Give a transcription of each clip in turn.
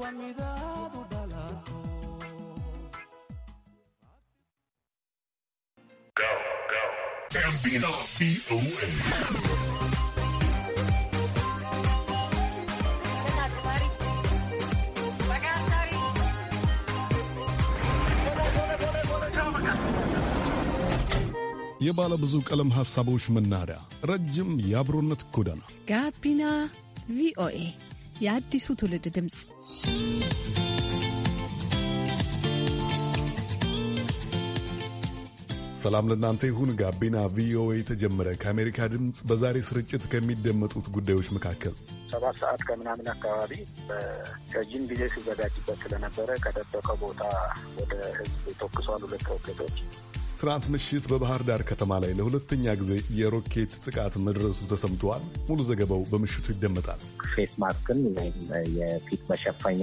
የባለ ብዙ ቀለም ሐሳቦች መናኸሪያ ረጅም የአብሮነት ጎዳና ጋቢና ቪኦኤ የአዲሱ ትውልድ ድምፅ። ሰላም ለእናንተ ይሁን። ጋቢና ቪኦኤ ተጀመረ። ከአሜሪካ ድምፅ በዛሬ ስርጭት ከሚደመጡት ጉዳዮች መካከል ሰባት ሰዓት ከምናምን አካባቢ ከጅን ጊዜ ሲዘጋጅበት ስለነበረ ከደበቀ ቦታ ወደ ህዝብ ተኩሷል። ሁለት ሮኬቶች ትናንት ምሽት በባህር ዳር ከተማ ላይ ለሁለተኛ ጊዜ የሮኬት ጥቃት መድረሱ ተሰምተዋል። ሙሉ ዘገባው በምሽቱ ይደመጣል። ፌስ ማስክን ወይም የፊት መሸፈኛ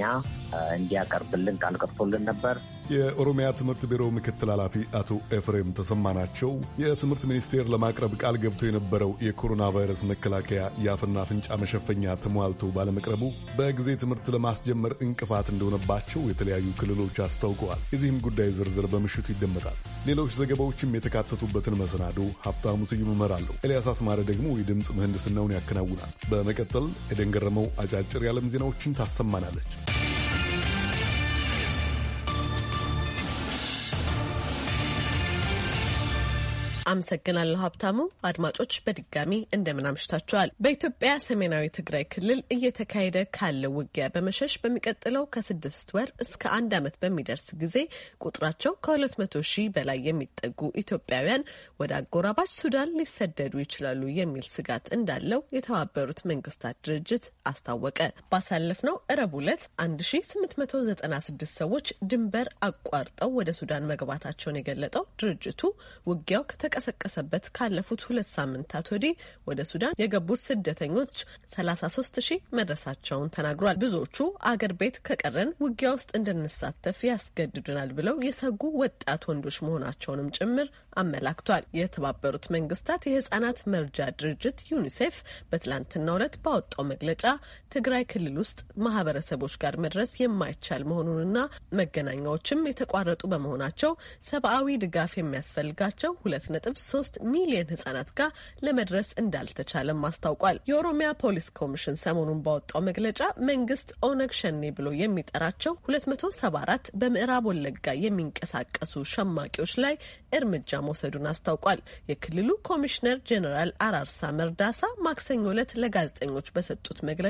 እንዲያቀርብልን ቃል ገብቶልን ነበር። የኦሮሚያ ትምህርት ቢሮ ምክትል ኃላፊ አቶ ኤፍሬም ተሰማ ናቸው። የትምህርት ሚኒስቴር ለማቅረብ ቃል ገብቶ የነበረው የኮሮና ቫይረስ መከላከያ የአፍና አፍንጫ መሸፈኛ ተሟልቶ ባለመቅረቡ በጊዜ ትምህርት ለማስጀመር እንቅፋት እንደሆነባቸው የተለያዩ ክልሎች አስታውቀዋል። የዚህም ጉዳይ ዝርዝር በምሽቱ ይደመጣል። ሌሎች ዘገባዎችም የተካተቱበትን መሰናዶ ሀብታሙ ስዩም እመራለሁ። ኤልያስ አስማረ ደግሞ የድምፅ ምህንድስናውን ያከናውናል። በመቀጠል የደንገረመው አጫጭር የዓለም ዜናዎችን ታሰማናለች። አመሰግናለሁ ሀብታሙ። አድማጮች በድጋሚ እንደምን አምሽታችኋል። በኢትዮጵያ ሰሜናዊ ትግራይ ክልል እየተካሄደ ካለው ውጊያ በመሸሽ በሚቀጥለው ከስድስት ወር እስከ አንድ ዓመት በሚደርስ ጊዜ ቁጥራቸው ከሁለት መቶ ሺህ በላይ የሚጠጉ ኢትዮጵያውያን ወደ አጎራባች ሱዳን ሊሰደዱ ይችላሉ የሚል ስጋት እንዳለው የተባበሩት መንግስታት ድርጅት አስታወቀ። ባሳለፍነው እረቡ ዕለት 1896 ሰዎች ድንበር አቋርጠው ወደ ሱዳን መግባታቸውን የገለጠው ድርጅቱ ውጊያው ከተቀሰቀሰበት ካለፉት ሁለት ሳምንታት ወዲህ ወደ ሱዳን የገቡት ስደተኞች 33 ሺህ መድረሳቸውን ተናግሯል። ብዙዎቹ አገር ቤት ከቀረን ውጊያ ውስጥ እንድንሳተፍ ያስገድዱናል ብለው የሰጉ ወጣት ወንዶች መሆናቸውንም ጭምር አመላክቷል። የተባበሩት መንግስታት የህጻናት መርጃ ድርጅት ዩኒሴፍ በትላንትናው ዕለት ባወጣው መግለጫ ትግራይ ክልል ውስጥ ማህበረሰቦች ጋር መድረስ የማይቻል መሆኑንና መገናኛዎችም የተቋረጡ በመሆናቸው ሰብአዊ ድጋፍ የሚያስፈልጋቸው ሁለት ነጥብ ነጥብ ሶስት ሚሊዮን ህጻናት ጋር ለመድረስ እንዳልተቻለም አስታውቋል። የኦሮሚያ ፖሊስ ኮሚሽን ሰሞኑን ባወጣው መግለጫ መንግስት ኦነግ ሸኔ ብሎ የሚጠራቸው 274 በምዕራብ ወለጋ የሚንቀሳቀሱ ሸማቂዎች ላይ እርምጃ መውሰዱን አስታውቋል። የክልሉ ኮሚሽነር ጀኔራል አራርሳ መርዳሳ ማክሰኞ ዕለት ለጋዜጠኞች በሰጡት መግለጫ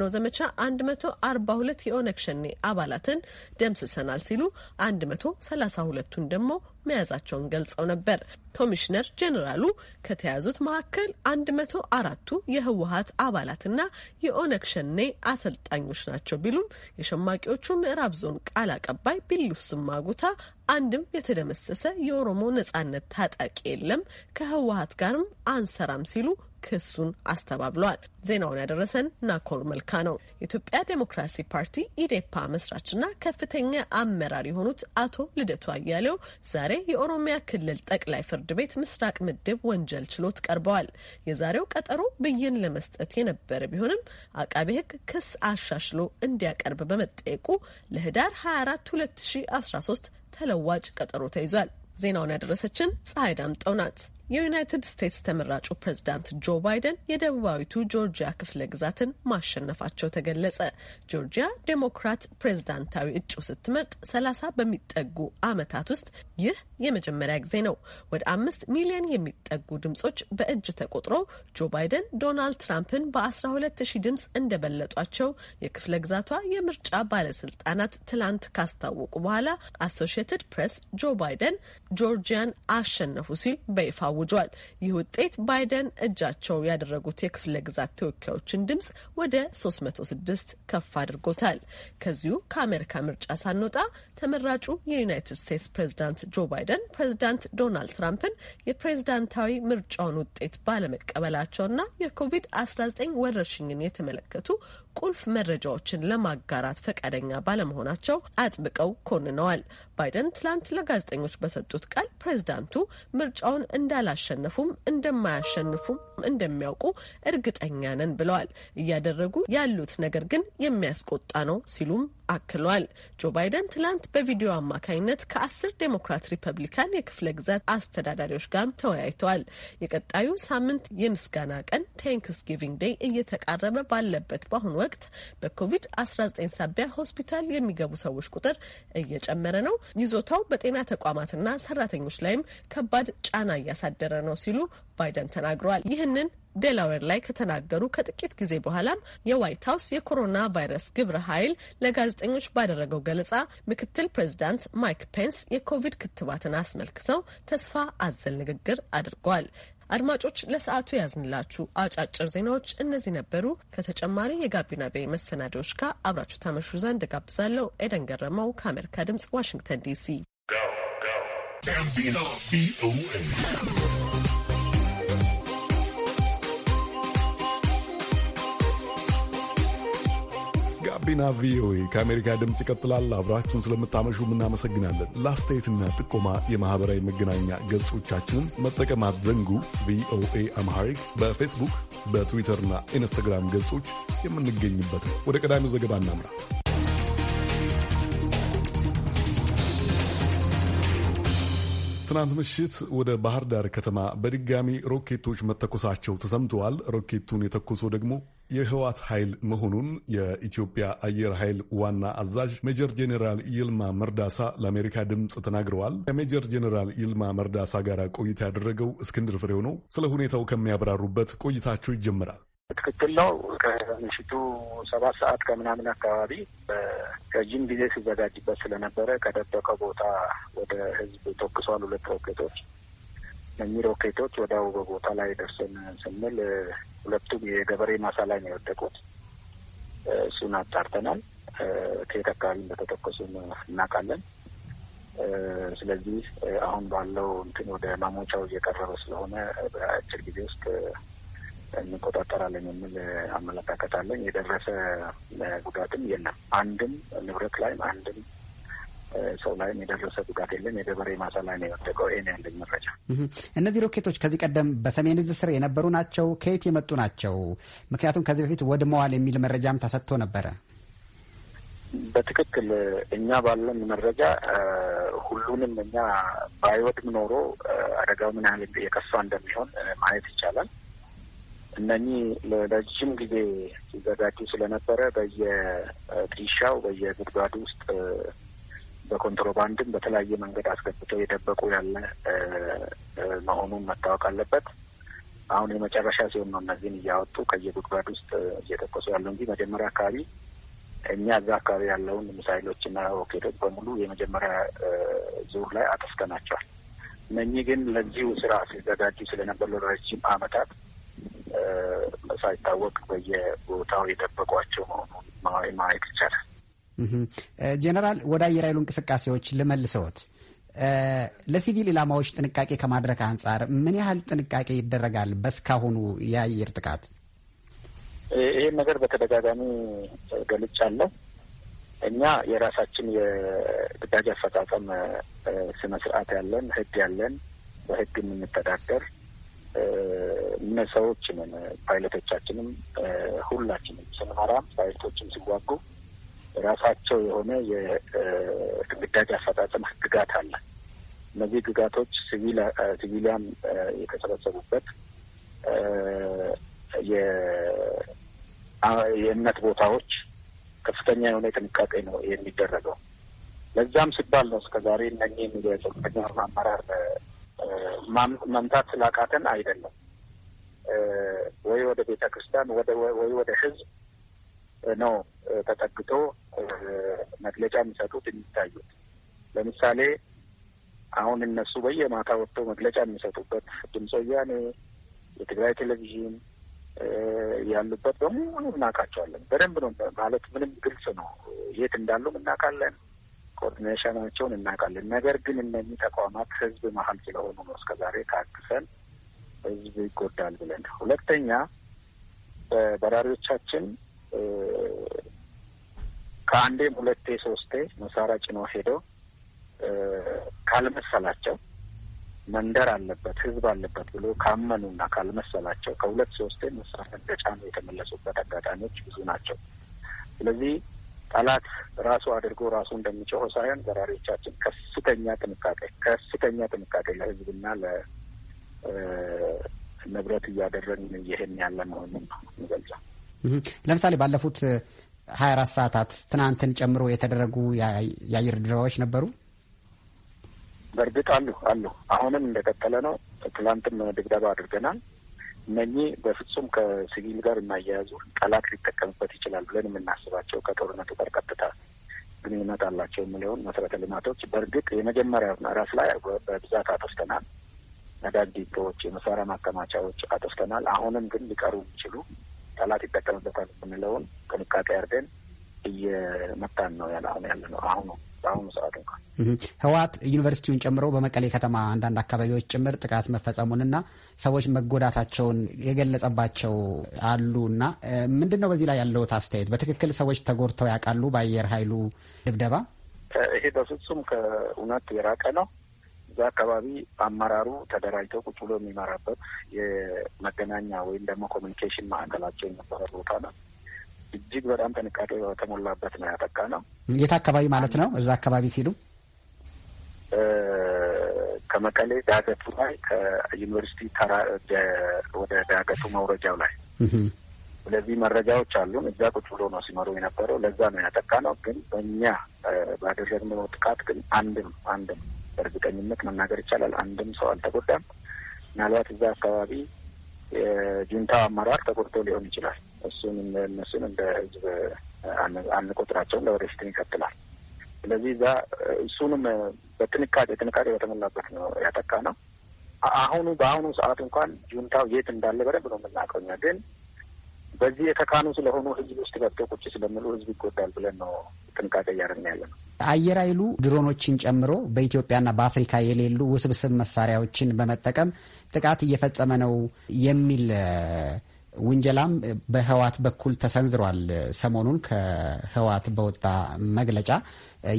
ነው ዘመቻ 142 የኦነግ ሸኔ አባላትን ደምስሰናል ሲሉ 132ቱን ደግሞ መያዛቸውን ገልጸው ነበር። ኮሚሽነር ጄኔራሉ ከተያዙት መካከል አንድ መቶ አራቱ የህወሀት አባላትና የኦነግ ሸኔ አሰልጣኞች ናቸው ቢሉም የሸማቂዎቹ ምዕራብ ዞን ቃል አቀባይ ቢሉስ ማጉታ አንድም የተደመሰሰ የኦሮሞ ነጻነት ታጣቂ የለም፣ ከህወሀት ጋርም አንሰራም ሲሉ ክሱን አስተባብሏል። ዜናውን ያደረሰን ናኮር መልካ ነው። የኢትዮጵያ ዴሞክራሲ ፓርቲ ኢዴፓ መስራችና ከፍተኛ አመራር የሆኑት አቶ ልደቱ አያሌው ዛሬ የኦሮሚያ ክልል ጠቅላይ ፍርድ ቤት ምስራቅ ምድብ ወንጀል ችሎት ቀርበዋል። የዛሬው ቀጠሮ ብይን ለመስጠት የነበረ ቢሆንም አቃቤ ሕግ ክስ አሻሽሎ እንዲያቀርብ በመጠየቁ ለህዳር 24 2013 ተለዋጭ ቀጠሮ ተይዟል። ዜናውን ያደረሰችን ፀሐይ ዳምጠው ናት። የዩናይትድ ስቴትስ ተመራጩ ፕሬዝዳንት ጆ ባይደን የደቡባዊቱ ጆርጂያ ክፍለ ግዛትን ማሸነፋቸው ተገለጸ። ጆርጂያ ዴሞክራት ፕሬዝዳንታዊ እጩ ስትመርጥ ሰላሳ በሚጠጉ ዓመታት ውስጥ ይህ የመጀመሪያ ጊዜ ነው። ወደ አምስት ሚሊዮን የሚጠጉ ድምጾች በእጅ ተቆጥረው ጆ ባይደን ዶናልድ ትራምፕን በ12 ሺህ ድምጽ እንደበለጧቸው የክፍለ ግዛቷ የምርጫ ባለስልጣናት ትላንት ካስታወቁ በኋላ አሶሺየትድ ፕሬስ ጆ ባይደን ጆርጂያን አሸነፉ ሲል በይፋ አውጇል። ይህ ውጤት ባይደን እጃቸው ያደረጉት የክፍለ ግዛት ተወካዮችን ድምጽ ወደ 306 ከፍ አድርጎታል። ከዚሁ ከአሜሪካ ምርጫ ሳንወጣ ተመራጩ የዩናይትድ ስቴትስ ፕሬዝዳንት ጆ ባይደን ፕሬዝዳንት ዶናልድ ትራምፕን የፕሬዝዳንታዊ ምርጫውን ውጤት ባለመቀበላቸውና የኮቪድ-19 ወረርሽኝን የተመለከቱ ቁልፍ መረጃዎችን ለማጋራት ፈቃደኛ ባለመሆናቸው አጥብቀው ኮንነዋል። ባይደን ትላንት ለጋዜጠኞች በሰጡት ቃል ፕሬዝዳንቱ ምርጫውን እንዳላሸነፉም እንደማያሸንፉም እንደሚያውቁ እርግጠኛ ነን ብለዋል። እያደረጉ ያሉት ነገር ግን የሚያስቆጣ ነው ሲሉም አክሏል። ጆ ባይደን ትላንት በቪዲዮ አማካኝነት ከአስር ዴሞክራት ሪፐብሊካን የክፍለ ግዛት አስተዳዳሪዎች ጋር ተወያይተዋል። የቀጣዩ ሳምንት የምስጋና ቀን ቴንክስ ጊቪንግ ዴይ እየተቃረበ ባለበት በአሁኑ ወቅት በኮቪድ-19 ሳቢያ ሆስፒታል የሚገቡ ሰዎች ቁጥር እየጨመረ ነው። ይዞታው በጤና ተቋማትና ሰራተኞች ላይም ከባድ ጫና እያሳደረ ነው ሲሉ ባይደን ተናግረዋል። ይህንን ዴላዌር ላይ ከተናገሩ ከጥቂት ጊዜ በኋላም የዋይት ሀውስ የኮሮና ቫይረስ ግብረ ኃይል ለጋዜጠኞች ባደረገው ገለጻ ምክትል ፕሬዚዳንት ማይክ ፔንስ የኮቪድ ክትባትን አስመልክተው ተስፋ አዘል ንግግር አድርጓል። አድማጮች ለሰዓቱ ያዝንላችሁ አጫጭር ዜናዎች እነዚህ ነበሩ። ከተጨማሪ የጋቢና ቤ መሰናዶዎች ጋር አብራችሁ ታመሹ ዘንድ ጋብዛለሁ። ኤደን ገረመው ከአሜሪካ ድምጽ ዋሽንግተን ዲሲ። ጋቢና ቪኦኤ ከአሜሪካ ድምፅ ይቀጥላል። አብራችሁን ስለምታመሹ እናመሰግናለን። ለአስተያየትና ጥቆማ የማህበራዊ መገናኛ ገጾቻችንን መጠቀም አትዘንጉ። ቪኦኤ አምሃሪክ በፌስቡክ በትዊተርና ኢንስታግራም ገጾች የምንገኝበት። ነው ወደ ቀዳሚው ዘገባ እናምራ። ትናንት ምሽት ወደ ባህር ዳር ከተማ በድጋሚ ሮኬቶች መተኮሳቸው ተሰምተዋል። ሮኬቱን የተኮሰው ደግሞ የህዋት ኃይል መሆኑን የኢትዮጵያ አየር ኃይል ዋና አዛዥ ሜጀር ጄኔራል ይልማ መርዳሳ ለአሜሪካ ድምፅ ተናግረዋል። ከሜጀር ጄኔራል ይልማ መርዳሳ ጋር ቆይታ ያደረገው እስክንድር ፍሬው ነው። ስለ ሁኔታው ከሚያብራሩበት ቆይታቸው ይጀምራል። ትክክል ነው። ከምሽቱ ሰባት ሰዓት ከምናምን አካባቢ ረጅም ጊዜ ሲዘጋጅበት ስለነበረ ከደበቀ ቦታ ወደ ህዝብ ተኩሷል ሁለት ሮኬቶች። እኚህ ሮኬቶች ወዲያው በቦታ ላይ ደርሰን ስንል ሁለቱም የገበሬ ማሳ ላይ ነው የወደቁት። እሱን አጣርተናል። ከየት አካባቢ እንደተተኮሱም እናውቃለን። ስለዚህ አሁን ባለው እንትን ወደ ማሞቻው እየቀረበ ስለሆነ በአጭር ጊዜ ውስጥ እንቆጣጠራለን የሚል eh, አመለካከት አለን። የደረሰ eh, ጉዳትም የለም። አንድም ንብረት ላይም አንድም eh, ሰው ላይም የደረሰ ጉዳት የለም። የገበሬ ማሳ ላይ ነው የወደቀው። ይሄን ያለኝ መረጃ። እነዚህ ሮኬቶች ከዚህ ቀደም በሰሜን እዝ ስር የነበሩ ናቸው? ከየት የመጡ ናቸው? ምክንያቱም ከዚህ በፊት ወድመዋል የሚል መረጃም ተሰጥቶ ነበረ። በትክክል እኛ ባለን መረጃ ሁሉንም እኛ ባይወድም ኖሮ አደጋው ምን ያህል የከፋ እንደሚሆን ማየት ይቻላል። እነኚህ ለረጅም ጊዜ ሲዘጋጁ ስለነበረ በየጥሻው በየጉድጓዱ ውስጥ በኮንትሮባንድም በተለያየ መንገድ አስገብተው የደበቁ ያለ መሆኑን መታወቅ አለበት። አሁን የመጨረሻ ሲሆን ነው እነዚህን እያወጡ ከየጉድጓድ ውስጥ እየተኮሱ ያለው እንጂ መጀመሪያ አካባቢ እኛ እዛ አካባቢ ያለውን ሚሳይሎችና ሮኬቶች በሙሉ የመጀመሪያ ዙር ላይ አጥፍተናቸዋል። እነኚህ ግን ለዚሁ ስራ ሲዘጋጁ ስለነበሩ ረጅም አመታት ሳይታወቅ በየቦታው የደበቋቸው መሆኑን ማየት ይቻላል። ጀነራል፣ ወደ አየር ኃይሉ እንቅስቃሴዎች ልመልሰዎት። ለሲቪል ኢላማዎች ጥንቃቄ ከማድረግ አንጻር ምን ያህል ጥንቃቄ ይደረጋል? በስካሁኑ የአየር ጥቃት ይህን ነገር በተደጋጋሚ ገልጫለሁ። እኛ የራሳችን የግዳጅ አፈጻጸም ስነ ስርዓት ያለን ህግ ያለን በህግ የምንተዳደር እነ ሰዎችንን ፓይለቶቻችንም ሁላችንም ስንመራ ፓይለቶችም ሲዋጉ ራሳቸው የሆነ የግዳጅ አፈጻጸም ህግጋት አለ። እነዚህ ህግጋቶች ሲቪሊያን የተሰበሰቡበት የእምነት ቦታዎች ከፍተኛ የሆነ ጥንቃቄ ነው የሚደረገው። ለዛም ሲባል ነው እስከዛሬ እነኚህም የጽንፈኛ አመራር መምታት ስላቃተን አይደለም። ወይ ወደ ቤተ ክርስቲያን ወይ ወደ ህዝብ ነው ተጠግቶ መግለጫ የሚሰጡት የሚታዩት። ለምሳሌ አሁን እነሱ በየማታ ወጥቶ መግለጫ የሚሰጡበት ድምፀ ወያኔ፣ የትግራይ ቴሌቪዥን ያሉበት በሙሉ እናውቃቸዋለን። በደንብ ነው ማለት ምንም ግልጽ ነው። የት እንዳሉም እናውቃለን። ኮኦርዲኔሽናቸውን እናውቃለን። ነገር ግን እነዚህ ተቋማት ህዝብ መሀል ስለሆኑ ነው እስከዛሬ ታግሰን ህዝብ ይጎዳል ብለን። ሁለተኛ በራሪዎቻችን ከአንዴም ሁለቴ ሶስቴ መሳሪያ ጭኖ ሄደው ካልመሰላቸው መንደር አለበት ህዝብ አለበት ብሎ ካመኑና ካልመሰላቸው ከሁለት ሶስቴ መሳሪያ ተጫኑ የተመለሱበት አጋጣሚዎች ብዙ ናቸው። ስለዚህ ጠላት ራሱ አድርጎ ራሱ እንደሚጮኸው ሳይሆን ዘራሪዎቻችን ከፍተኛ ጥንቃቄ ከፍተኛ ጥንቃቄ ለህዝብና ለንብረት እያደረግን ይህን ያለ መሆኑን ነው የሚገልጸው። ለምሳሌ ባለፉት ሀያ አራት ሰዓታት ትናንትን ጨምሮ የተደረጉ የአየር ድብደባዎች ነበሩ። በእርግጥ አሉ አሉ አሁንም እንደቀጠለ ነው። ትናንትም ድብደባ አድርገናል። እነኚህ በፍጹም ከሲቪል ጋር የማያያዙ ጠላት ሊጠቀምበት ይችላል ብለን የምናስባቸው ከጦርነቱ ጋር ቀጥታ ግንኙነት አላቸው የሚለውን መሰረተ ልማቶች በእርግጥ የመጀመሪያ ምዕራፍ ላይ በብዛት አጥፍተናል። ነዳጅ ዲፖዎች፣ የመሳሪያ ማከማቻዎች አጥፍተናል። አሁንም ግን ሊቀሩ የሚችሉ ጠላት ይጠቀምበታል የምንለውን ጥንቃቄ አድርገን እየመታን ነው ያለ አሁን ያለ ነው አሁኑ በአሁኑ ሰዓት እንኳን ህወሓት ዩኒቨርሲቲውን ጨምሮ በመቀሌ ከተማ አንዳንድ አካባቢዎች ጭምር ጥቃት መፈጸሙንና ሰዎች መጎዳታቸውን የገለጸባቸው አሉ እና ምንድን ነው በዚህ ላይ ያለውት አስተያየት? በትክክል ሰዎች ተጎድተው ያውቃሉ? በአየር ኃይሉ ድብደባ ይሄ በፍጹም ከእውነት የራቀ ነው። እዛ አካባቢ አመራሩ ተደራጅተው ቁጭ ብሎ የሚመራበት የመገናኛ ወይም ደግሞ ኮሚኒኬሽን ማዕከላቸው የነበረ ቦታ ነው። እጅግ በጣም ጥንቃቄ በተሞላበት ነው ያጠቃ ነው። የት አካባቢ ማለት ነው? እዛ አካባቢ ሲሉ ከመቀሌ ዳገቱ ላይ ከዩኒቨርሲቲ ተራ ወደ ዳገቱ መውረጃው ላይ ስለዚህ መረጃዎች አሉን። እዛ ቁጭ ብሎ ነው ሲመሩ የነበረው። ለዛ ነው ያጠቃ ነው። ግን በእኛ ባደረግነው ጥቃት ግን አንድም አንድም በእርግጠኝነት መናገር ይቻላል አንድም ሰው አልተጎዳም። ምናልባት እዛ አካባቢ የጁንታው አመራር ተጎድቶ ሊሆን ይችላል። እሱን እነሱን እንደ ህዝብ አንቆጥራቸውም፣ ለወደፊት ይቀጥላል። ስለዚህ እዛ እሱንም በጥንቃቄ ጥንቃቄ በተሞላበት ነው ያጠቃ ነው። አሁኑ በአሁኑ ሰዓት እንኳን ጁንታው የት እንዳለ በደንብ ነው የምናውቀው እኛ ግን በዚህ የተካኑ ስለሆኑ ህዝብ ውስጥ ገብቶ ቁጭ ስለምሉ ህዝብ ይጎዳል ብለን ነው ጥንቃቄ እያደረግን ያለ ነው። አየር ኃይሉ ድሮኖችን ጨምሮ በኢትዮጵያና በአፍሪካ የሌሉ ውስብስብ መሳሪያዎችን በመጠቀም ጥቃት እየፈጸመ ነው የሚል ውንጀላም በህዋት በኩል ተሰንዝሯል። ሰሞኑን ከህዋት በወጣ መግለጫ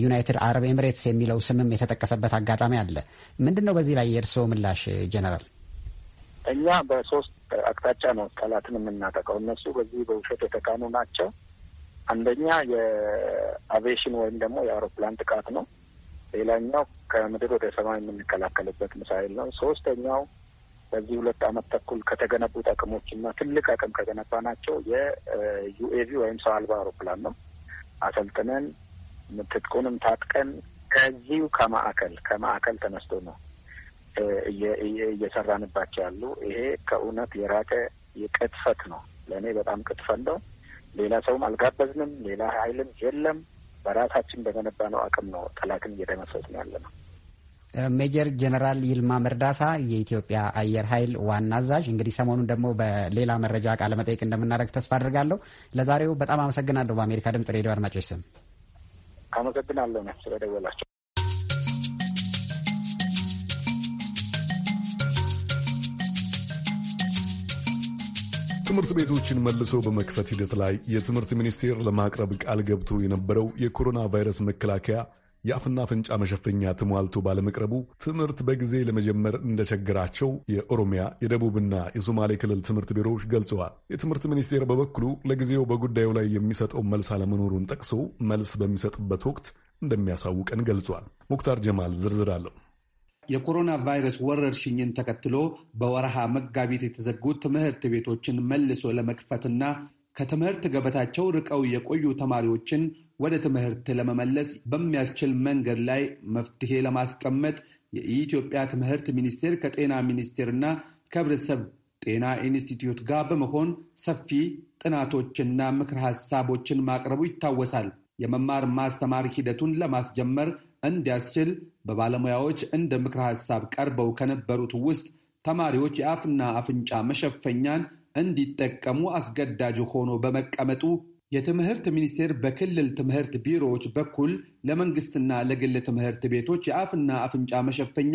ዩናይትድ አረብ ኤምሬትስ የሚለው ስምም የተጠቀሰበት አጋጣሚ አለ። ምንድን ነው በዚህ ላይ የእርስዎ ምላሽ ጀነራል? እኛ በሶስት አቅጣጫ ነው ጠላትን የምናጠቀው። እነሱ በዚህ በውሸት የተካኑ ናቸው። አንደኛ የአቪዬሽን ወይም ደግሞ የአውሮፕላን ጥቃት ነው። ሌላኛው ከምድር ወደ ሰማይ የምንከላከልበት ምሳይል ነው። ሶስተኛው በዚህ ሁለት አመት ተኩል ከተገነቡት እና ትልቅ አቅም ከገነባ ናቸው የዩኤቪ ወይም ሰው አልባ አውሮፕላን ነው። አሰልጥነን ምትጥቁንም ታጥቀን ከዚሁ ከማዕከል ከማዕከል ተነስቶ ነው እየሰራንባቸው ያሉ። ይሄ ከእውነት የራቀ የቅጥፈት ነው። ለእኔ በጣም ቅጥፈት ነው። ሌላ ሰውም አልጋበዝንም። ሌላ ኃይልም የለም። በራሳችን በገነባ ነው አቅም ነው ጠላትን እየደመሰስን ያለ ነው። ሜጀር ጀነራል ይልማ መርዳሳ የኢትዮጵያ አየር ኃይል ዋና አዛዥ። እንግዲህ ሰሞኑን ደግሞ በሌላ መረጃ ቃለ መጠይቅ እንደምናደርግ ተስፋ አድርጋለሁ። ለዛሬው በጣም አመሰግናለሁ። በአሜሪካ ድምጽ ሬዲዮ አድማጮች ስም አመሰግናለሁ ነው ስለደወላቸው። ትምህርት ቤቶችን መልሶ በመክፈት ሂደት ላይ የትምህርት ሚኒስቴር ለማቅረብ ቃል ገብቶ የነበረው የኮሮና ቫይረስ መከላከያ የአፍና አፍንጫ መሸፈኛ ተሟልቶ ባለመቅረቡ ትምህርት በጊዜ ለመጀመር እንደቸገራቸው የኦሮሚያ የደቡብና የሶማሌ ክልል ትምህርት ቢሮዎች ገልጸዋል። የትምህርት ሚኒስቴር በበኩሉ ለጊዜው በጉዳዩ ላይ የሚሰጠው መልስ አለመኖሩን ጠቅሶ መልስ በሚሰጥበት ወቅት እንደሚያሳውቀን ገልጿል። ሙክታር ጀማል ዝርዝር አለው። የኮሮና ቫይረስ ወረርሽኝን ተከትሎ በወረሃ መጋቢት የተዘጉት ትምህርት ቤቶችን መልሶ ለመክፈትና ከትምህርት ገበታቸው ርቀው የቆዩ ተማሪዎችን ወደ ትምህርት ለመመለስ በሚያስችል መንገድ ላይ መፍትሄ ለማስቀመጥ የኢትዮጵያ ትምህርት ሚኒስቴር ከጤና ሚኒስቴርና ከህብረተሰብ ጤና ኢንስቲትዩት ጋር በመሆን ሰፊ ጥናቶችና ምክር ሀሳቦችን ማቅረቡ ይታወሳል። የመማር ማስተማር ሂደቱን ለማስጀመር እንዲያስችል በባለሙያዎች እንደ ምክር ሀሳብ ቀርበው ከነበሩት ውስጥ ተማሪዎች የአፍና አፍንጫ መሸፈኛን እንዲጠቀሙ አስገዳጅ ሆኖ በመቀመጡ የትምህርት ሚኒስቴር በክልል ትምህርት ቢሮዎች በኩል ለመንግስትና ለግል ትምህርት ቤቶች የአፍና አፍንጫ መሸፈኛ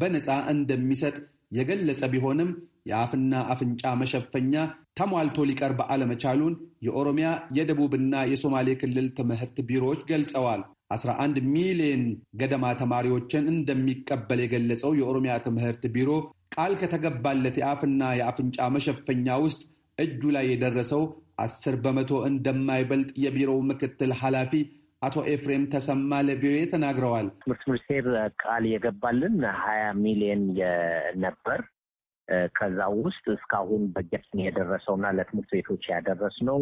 በነፃ እንደሚሰጥ የገለጸ ቢሆንም የአፍና አፍንጫ መሸፈኛ ተሟልቶ ሊቀርብ አለመቻሉን የኦሮሚያ የደቡብና የሶማሌ ክልል ትምህርት ቢሮዎች ገልጸዋል። 11 ሚሊዮን ገደማ ተማሪዎችን እንደሚቀበል የገለጸው የኦሮሚያ ትምህርት ቢሮ ቃል ከተገባለት የአፍና የአፍንጫ መሸፈኛ ውስጥ እጁ ላይ የደረሰው አስር በመቶ እንደማይበልጥ የቢሮው ምክትል ኃላፊ አቶ ኤፍሬም ተሰማ ለቪኦኤ ተናግረዋል። ትምህርት ሚኒስቴር ቃል የገባልን ሀያ ሚሊየን ነበር። ከዛ ውስጥ እስካሁን በጀትን የደረሰውና ለትምህርት ቤቶች ያደረስነው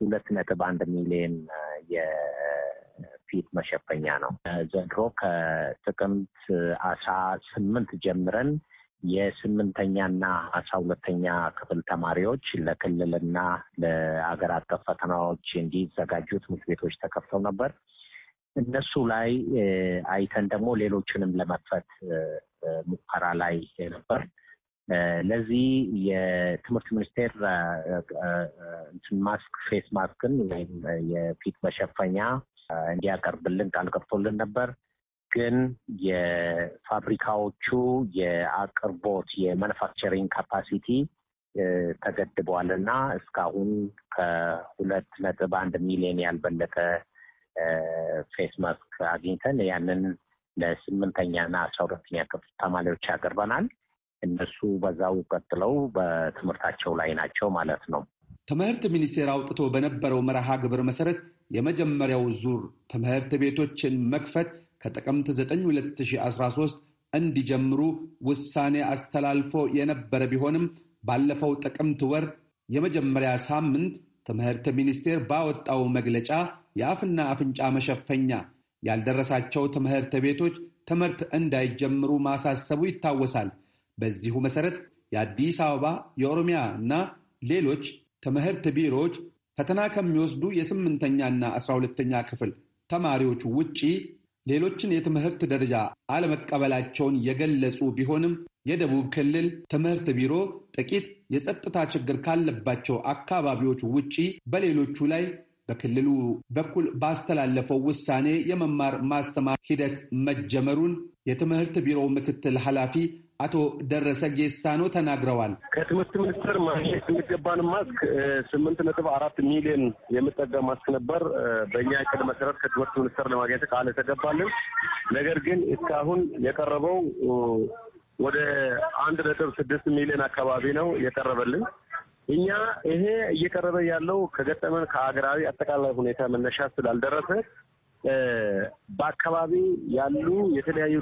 ሁለት ነጥብ አንድ ሚሊየን የፊት መሸፈኛ ነው። ዘንድሮ ከጥቅምት አስራ ስምንት ጀምረን የስምንተኛና አስራ ሁለተኛ ክፍል ተማሪዎች ለክልልና ለአገር አቀፍ ፈተናዎች እንዲዘጋጁ ትምህርት ቤቶች ተከፍተው ነበር። እነሱ ላይ አይተን ደግሞ ሌሎችንም ለመክፈት ሙከራ ላይ ነበር። ለዚህ የትምህርት ሚኒስቴር ማስክ ፌስ ማስክን ወይም የፊት መሸፈኛ እንዲያቀርብልን ቃል ገብቶልን ነበር። ግን የፋብሪካዎቹ የአቅርቦት የማኑፋክቸሪንግ ካፓሲቲ ተገድቧል እና እስካሁን ከሁለት ነጥብ አንድ ሚሊዮን ያልበለጠ ፌስ ማስክ አግኝተን ያንን ለስምንተኛና አስራ ሁለተኛ ክፍል ተማሪዎች ያቀርበናል። እነሱ በዛው ቀጥለው በትምህርታቸው ላይ ናቸው ማለት ነው። ትምህርት ሚኒስቴር አውጥቶ በነበረው መርሃ ግብር መሰረት የመጀመሪያው ዙር ትምህርት ቤቶችን መክፈት ከጥቅምት 9 2013 እንዲጀምሩ ውሳኔ አስተላልፎ የነበረ ቢሆንም ባለፈው ጥቅምት ወር የመጀመሪያ ሳምንት ትምህርት ሚኒስቴር ባወጣው መግለጫ የአፍና አፍንጫ መሸፈኛ ያልደረሳቸው ትምህርት ቤቶች ትምህርት እንዳይጀምሩ ማሳሰቡ ይታወሳል። በዚሁ መሰረት የአዲስ አበባ የኦሮሚያ እና ሌሎች ትምህርት ቢሮዎች ፈተና ከሚወስዱ የስምንተኛና አስራ ሁለተኛ ክፍል ተማሪዎች ውጪ ሌሎችን የትምህርት ደረጃ አለመቀበላቸውን የገለጹ ቢሆንም የደቡብ ክልል ትምህርት ቢሮ ጥቂት የጸጥታ ችግር ካለባቸው አካባቢዎች ውጪ በሌሎቹ ላይ በክልሉ በኩል ባስተላለፈው ውሳኔ የመማር ማስተማር ሂደት መጀመሩን የትምህርት ቢሮው ምክትል ኃላፊ አቶ ደረሰ ጌሳኖ ተናግረዋል። ከትምህርት ሚኒስቴር ማግኘት የሚገባን ማስክ ስምንት ነጥብ አራት ሚሊዮን የምጠጋ ማስክ ነበር። በእኛ እቅድ መሰረት ከትምህርት ሚኒስቴር ለማግኘት ቃል የተገባልን ነገር ግን እስካሁን የቀረበው ወደ አንድ ነጥብ ስድስት ሚሊዮን አካባቢ ነው የቀረበልን። እኛ ይሄ እየቀረበ ያለው ከገጠመን ከሀገራዊ አጠቃላይ ሁኔታ መነሻ ስላልደረሰ በአካባቢ ያሉ የተለያዩ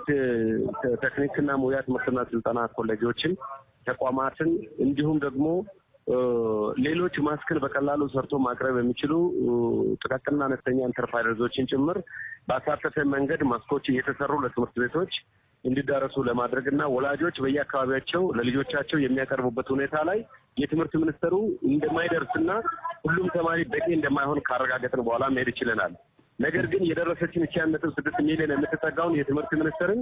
ቴክኒክና ሙያ ትምህርትና ስልጠና ኮሌጆችን፣ ተቋማትን እንዲሁም ደግሞ ሌሎች ማስክን በቀላሉ ሰርቶ ማቅረብ የሚችሉ ጥቃቅንና አነስተኛ ኢንተርፕራይዞችን ጭምር በአሳተፈ መንገድ ማስኮች እየተሰሩ ለትምህርት ቤቶች እንዲዳረሱ ለማድረግ እና ወላጆች በየአካባቢያቸው ለልጆቻቸው የሚያቀርቡበት ሁኔታ ላይ የትምህርት ሚኒስትሩ እንደማይደርስና ሁሉም ተማሪ በቂ እንደማይሆን ካረጋገጥን በኋላ መሄድ ይችለናል። ነገር ግን የደረሰችን ቻ አንድ ነጥብ ስድስት ሚሊዮን የምትጠጋውን የትምህርት ሚኒስትርን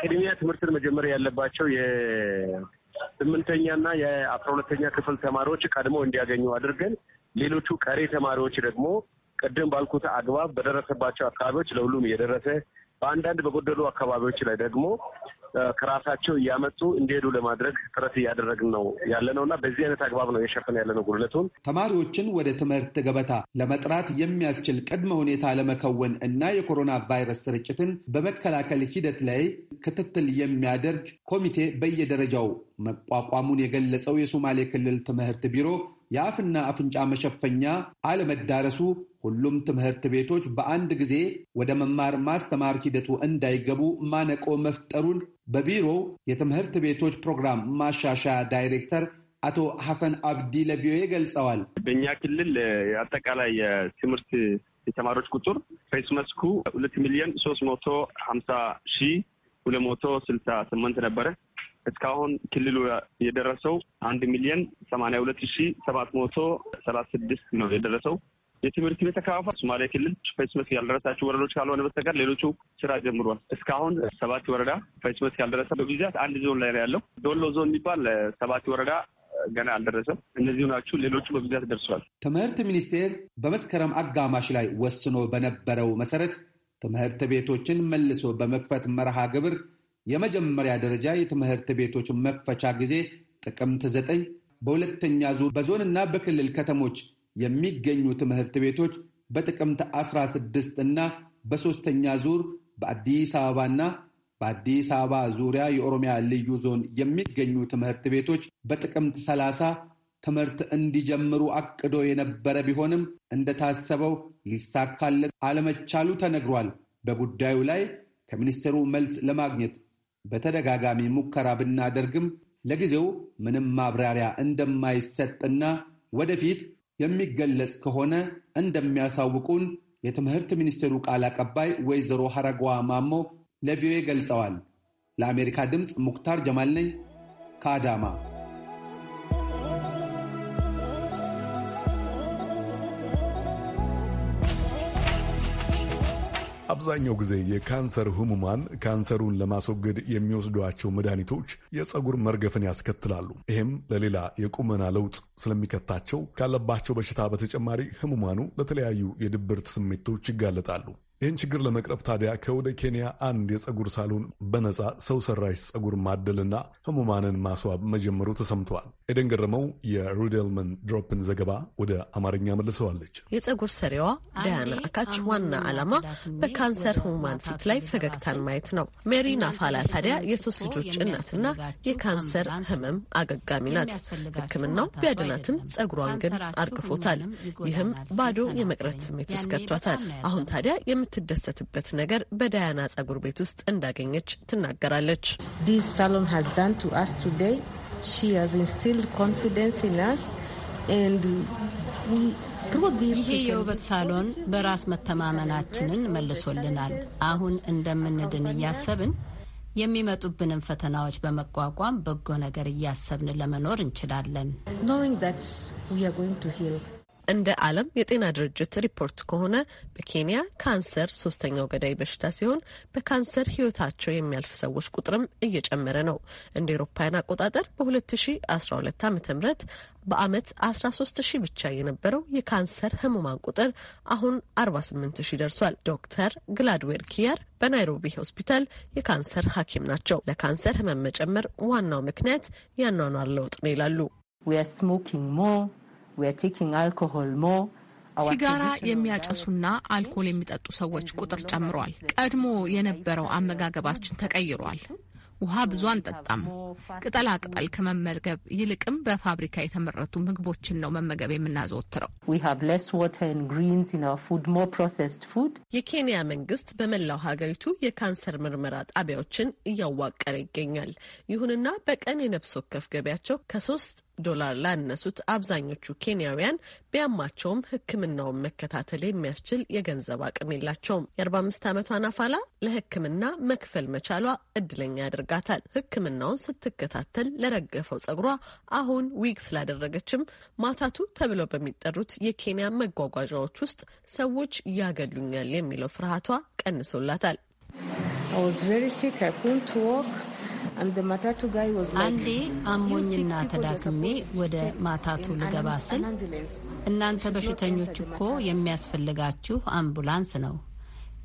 ቅድሚያ ትምህርትን መጀመር ያለባቸው የስምንተኛ የስምንተኛና የአስራ ሁለተኛ ክፍል ተማሪዎች ቀድሞ እንዲያገኙ አድርገን ሌሎቹ ቀሬ ተማሪዎች ደግሞ ቅድም ባልኩት አግባብ በደረሰባቸው አካባቢዎች ለሁሉም እየደረሰ በአንዳንድ በጎደሉ አካባቢዎች ላይ ደግሞ ከራሳቸው እያመጡ እንዲሄዱ ለማድረግ ጥረት እያደረግን ነው ያለ ነው እና በዚህ አይነት አግባብ ነው የሸፈን ያለ ነው ጉድለቱን። ተማሪዎችን ወደ ትምህርት ገበታ ለመጥራት የሚያስችል ቅድመ ሁኔታ ለመከወን እና የኮሮና ቫይረስ ስርጭትን በመከላከል ሂደት ላይ ክትትል የሚያደርግ ኮሚቴ በየደረጃው መቋቋሙን የገለጸው የሶማሌ ክልል ትምህርት ቢሮ የአፍና አፍንጫ መሸፈኛ አለመዳረሱ ሁሉም ትምህርት ቤቶች በአንድ ጊዜ ወደ መማር ማስተማር ሂደቱ እንዳይገቡ ማነቆ መፍጠሩን በቢሮው የትምህርት ቤቶች ፕሮግራም ማሻሻያ ዳይሬክተር አቶ ሐሰን አብዲ ለቪኦኤ ገልጸዋል። በእኛ ክልል አጠቃላይ የትምህርት የተማሪዎች ቁጥር ፌስ መስኩ ሁለት ሚሊዮን ሶስት መቶ ሀምሳ ሺህ ሁለት መቶ ስልሳ ስምንት ነበረ። እስካሁን ክልሉ የደረሰው አንድ ሚሊዮን ሰማንያ ሁለት ሺ ሰባት መቶ ሰላሳ ስድስት ነው የደረሰው። የትምህርት ቤት ተከፋፋ ሶማሌ ክልል ፈጽመት ያልደረሳቸው ወረዶች ካልሆነ በስተቀር ሌሎቹ ስራ ጀምሯል። እስካሁን ሰባት ወረዳ ፈጽመት ያልደረሰ በብዛት አንድ ዞን ላይ ነው ያለው። ዶሎ ዞን የሚባል ሰባት ወረዳ ገና አልደረሰም። እነዚሁ ናቸው። ሌሎቹ በብዛት ደርሷል። ትምህርት ሚኒስቴር በመስከረም አጋማሽ ላይ ወስኖ በነበረው መሰረት ትምህርት ቤቶችን መልሶ በመክፈት መርሃ ግብር የመጀመሪያ ደረጃ የትምህርት ቤቶች መክፈቻ ጊዜ ጥቅምት ዘጠኝ በሁለተኛ ዙር በዞንና በክልል ከተሞች የሚገኙ ትምህርት ቤቶች በጥቅምት 16 እና በሦስተኛ ዙር በአዲስ አበባና በአዲስ አበባ ዙሪያ የኦሮሚያ ልዩ ዞን የሚገኙ ትምህርት ቤቶች በጥቅምት 30 ትምህርት እንዲጀምሩ አቅዶ የነበረ ቢሆንም እንደታሰበው ሊሳካለት አለመቻሉ ተነግሯል። በጉዳዩ ላይ ከሚኒስትሩ መልስ ለማግኘት በተደጋጋሚ ሙከራ ብናደርግም ለጊዜው ምንም ማብራሪያ እንደማይሰጥና ወደፊት የሚገለጽ ከሆነ እንደሚያሳውቁን የትምህርት ሚኒስቴሩ ቃል አቀባይ ወይዘሮ ሐረጓ ማሞ ለቪኦኤ ገልጸዋል። ለአሜሪካ ድምፅ ሙክታር ጀማል ነኝ ከአዳማ። አብዛኛው ጊዜ የካንሰር ህሙማን ካንሰሩን ለማስወገድ የሚወስዷቸው መድኃኒቶች የፀጉር መርገፍን ያስከትላሉ። ይህም ለሌላ የቁመና ለውጥ ስለሚከታቸው ካለባቸው በሽታ በተጨማሪ ህሙማኑ ለተለያዩ የድብርት ስሜቶች ይጋለጣሉ። ይህን ችግር ለመቅረፍ ታዲያ ከወደ ኬንያ አንድ የፀጉር ሳሎን በነፃ ሰው ሰራሽ ፀጉር ማደልና ህሙማንን ማስዋብ መጀመሩ ተሰምተዋል። ኤደን ገረመው የሩዴልመን ድሮፕን ዘገባ ወደ አማርኛ መልሰዋለች። የጸጉር ሰሪዋ ዳያና አካች ዋና ዓላማ በካንሰር ህሙማን ፊት ላይ ፈገግታን ማየት ነው። ሜሪ ናፋላ ታዲያ የሶስት ልጆች እናትና የካንሰር ህመም አገጋሚ ናት። ሕክምናው ቢያድናትም ጸጉሯን ግን አርግፎታል። ይህም ባዶ የመቅረት ስሜት ውስጥ ከቷታል። አሁን ታዲያ የምትደሰትበት ነገር በዳያና ጸጉር ቤት ውስጥ እንዳገኘች ትናገራለች። ይሄ የውበት ሳሎን በራስ መተማመናችንን መልሶልናል። አሁን እንደምንድን እያሰብን የሚመጡብንን ፈተናዎች በመቋቋም በጎ ነገር እያሰብን ለመኖር እንችላለን። እንደ ዓለም የጤና ድርጅት ሪፖርት ከሆነ በኬንያ ካንሰር ሶስተኛው ገዳይ በሽታ ሲሆን በካንሰር ህይወታቸው የሚያልፍ ሰዎች ቁጥርም እየጨመረ ነው። እንደ ኤሮፓያን አቆጣጠር በ2012 ዓ ም በአመት ሺህ ብቻ የነበረው የካንሰር ህሙማን ቁጥር አሁን 48 ደርሷል። ዶክተር ግላድዌር ኪያር በናይሮቢ ሆስፒታል የካንሰር ሐኪም ናቸው። ለካንሰር ህመም መጨመር ዋናው ምክንያት ያኗኗር ለውጥ ነው ይላሉ። ሲጋራ የሚያጨሱና አልኮል የሚጠጡ ሰዎች ቁጥር ጨምሯል። ቀድሞ የነበረው አመጋገባችን ተቀይሯል። ውሃ ብዙ አንጠጣም። ቅጠላ ቅጠል ከመመገብ ይልቅም በፋብሪካ የተመረቱ ምግቦችን ነው መመገብ የምናዘወትረው። የኬንያ መንግስት በመላው ሀገሪቱ የካንሰር ምርመራ ጣቢያዎችን እያዋቀረ ይገኛል። ይሁንና በቀን የነፍስ ወከፍ ገቢያቸው ከሶስት ዶላር ላነሱት አብዛኞቹ ኬንያውያን ቢያማቸውም ሕክምናውን መከታተል የሚያስችል የገንዘብ አቅም የላቸውም። የ45 ዓመቷን አፋላ ለሕክምና መክፈል መቻሏ እድለኛ ያደርጋታል። ሕክምናውን ስትከታተል ለረገፈው ጸጉሯ አሁን ዊግ ስላደረገችም ማታቱ ተብለው በሚጠሩት የኬንያ መጓጓዣዎች ውስጥ ሰዎች ያገሉኛል የሚለው ፍርሃቷ ቀንሶላታል። አንዴ አሞኝና ተዳክሜ ወደ ማታቱ ልገባ ስል እናንተ በሽተኞች እኮ የሚያስፈልጋችሁ አምቡላንስ ነው፣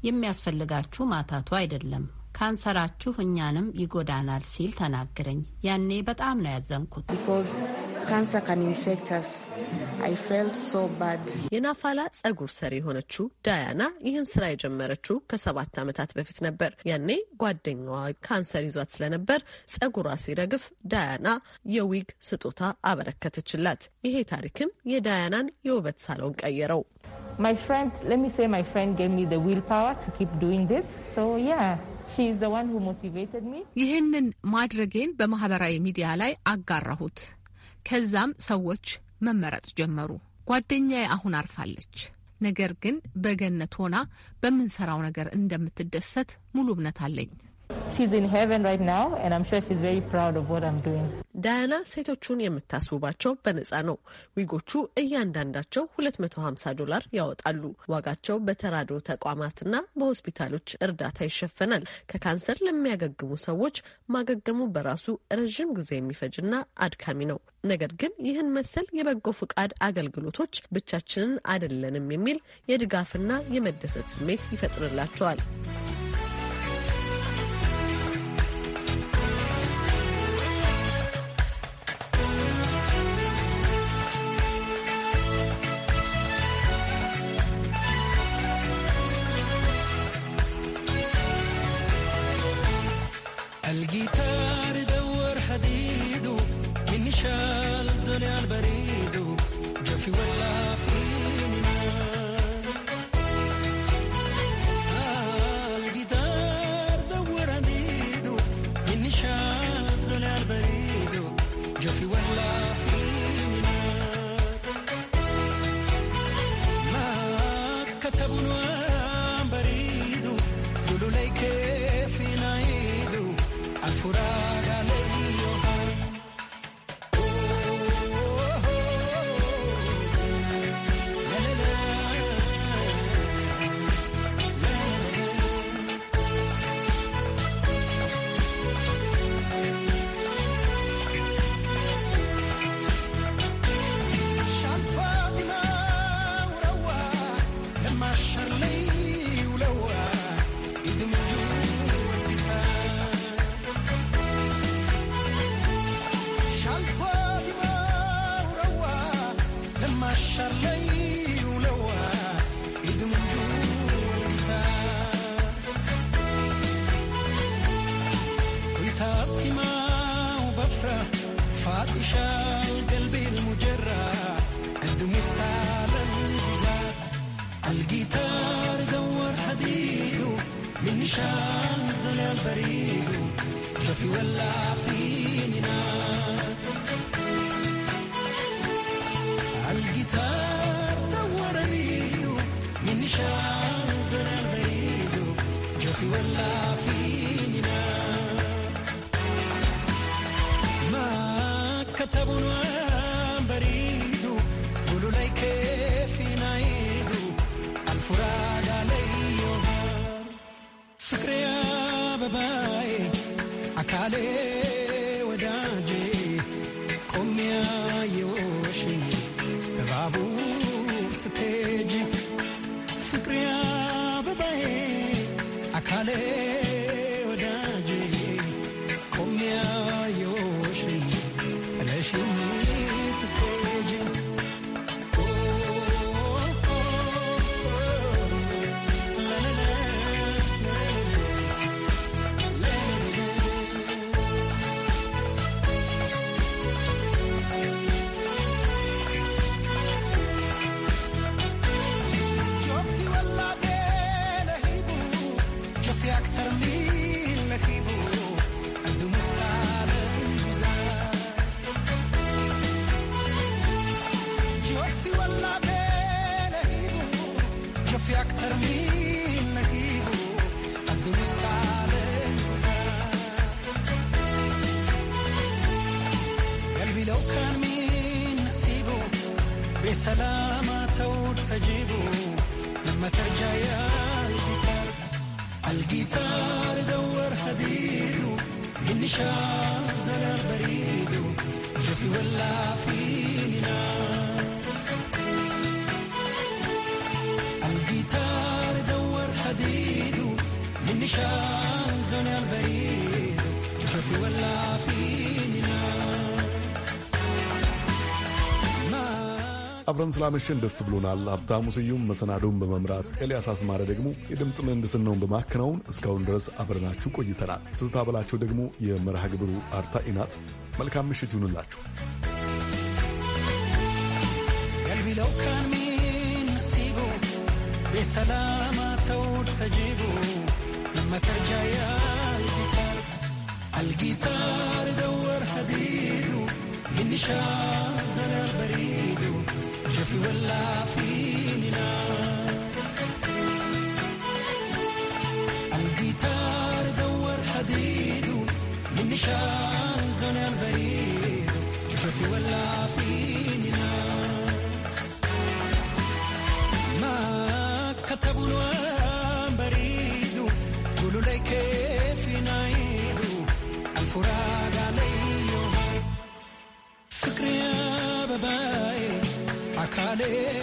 የሚያስፈልጋችሁ ማታቱ አይደለም፣ ካንሰራችሁ እኛንም ይጎዳናል ሲል ተናገረኝ። ያኔ በጣም ነው ያዘንኩት። የናፋላ ጸጉር ሰሪ የሆነችው ዳያና ይህን ስራ የጀመረችው ከሰባት ዓመታት በፊት ነበር። ያኔ ጓደኛዋ ካንሰር ይዟት ስለነበር ጸጉሯ ሲረግፍ ዳያና የዊግ ስጦታ አበረከተችላት። ይሄ ታሪክም የዳያናን የውበት ሳሎን ቀየረው። ይህንን ማድረጌን በማህበራዊ ሚዲያ ላይ አጋራሁት። ከዛም ሰዎች መመረጥ ጀመሩ። ጓደኛዬ አሁን አርፋለች፣ ነገር ግን በገነት ሆና በምንሰራው ነገር እንደምትደሰት ሙሉ እምነት አለኝ ዳያና ሴቶቹን የምታስውባቸው በነጻ ነው። ዊጎቹ እያንዳንዳቸው 250 ዶላር ያወጣሉ። ዋጋቸው በተራዶ ተቋማትና በሆስፒታሎች እርዳታ ይሸፈናል። ከካንሰር ለሚያገግሙ ሰዎች ማገገሙ በራሱ ረዥም ጊዜ የሚፈጅና አድካሚ ነው። ነገር ግን ይህን መሰል የበጎ ፍቃድ አገልግሎቶች ብቻችንን አይደለንም የሚል የድጋፍና የመደሰት ስሜት ይፈጥርላቸዋል። الجيتار دور حديده من نشان الزلال بريده شوفي ولع فيني نار Hare you alive. አብረን ስላመሸን ደስ ብሎናል። ሀብታሙ ስዩም መሰናዶውን በመምራት ኤልያስ አስማረ ደግሞ የድምፅ ምህንድስናውን በማከናወን እስካሁን ድረስ አብረናችሁ ቆይተናል። ትዝታ በላቸው ደግሞ የመርሃ ግብሩ አርታኢ ናት። መልካም ምሽት ይሁንላችሁ። الجيتار دور حديده من نشاز انا بريد العافية ولا فينا الجيتار دور حديده من نشان زنا البريد شوفي ولا فينا yeah.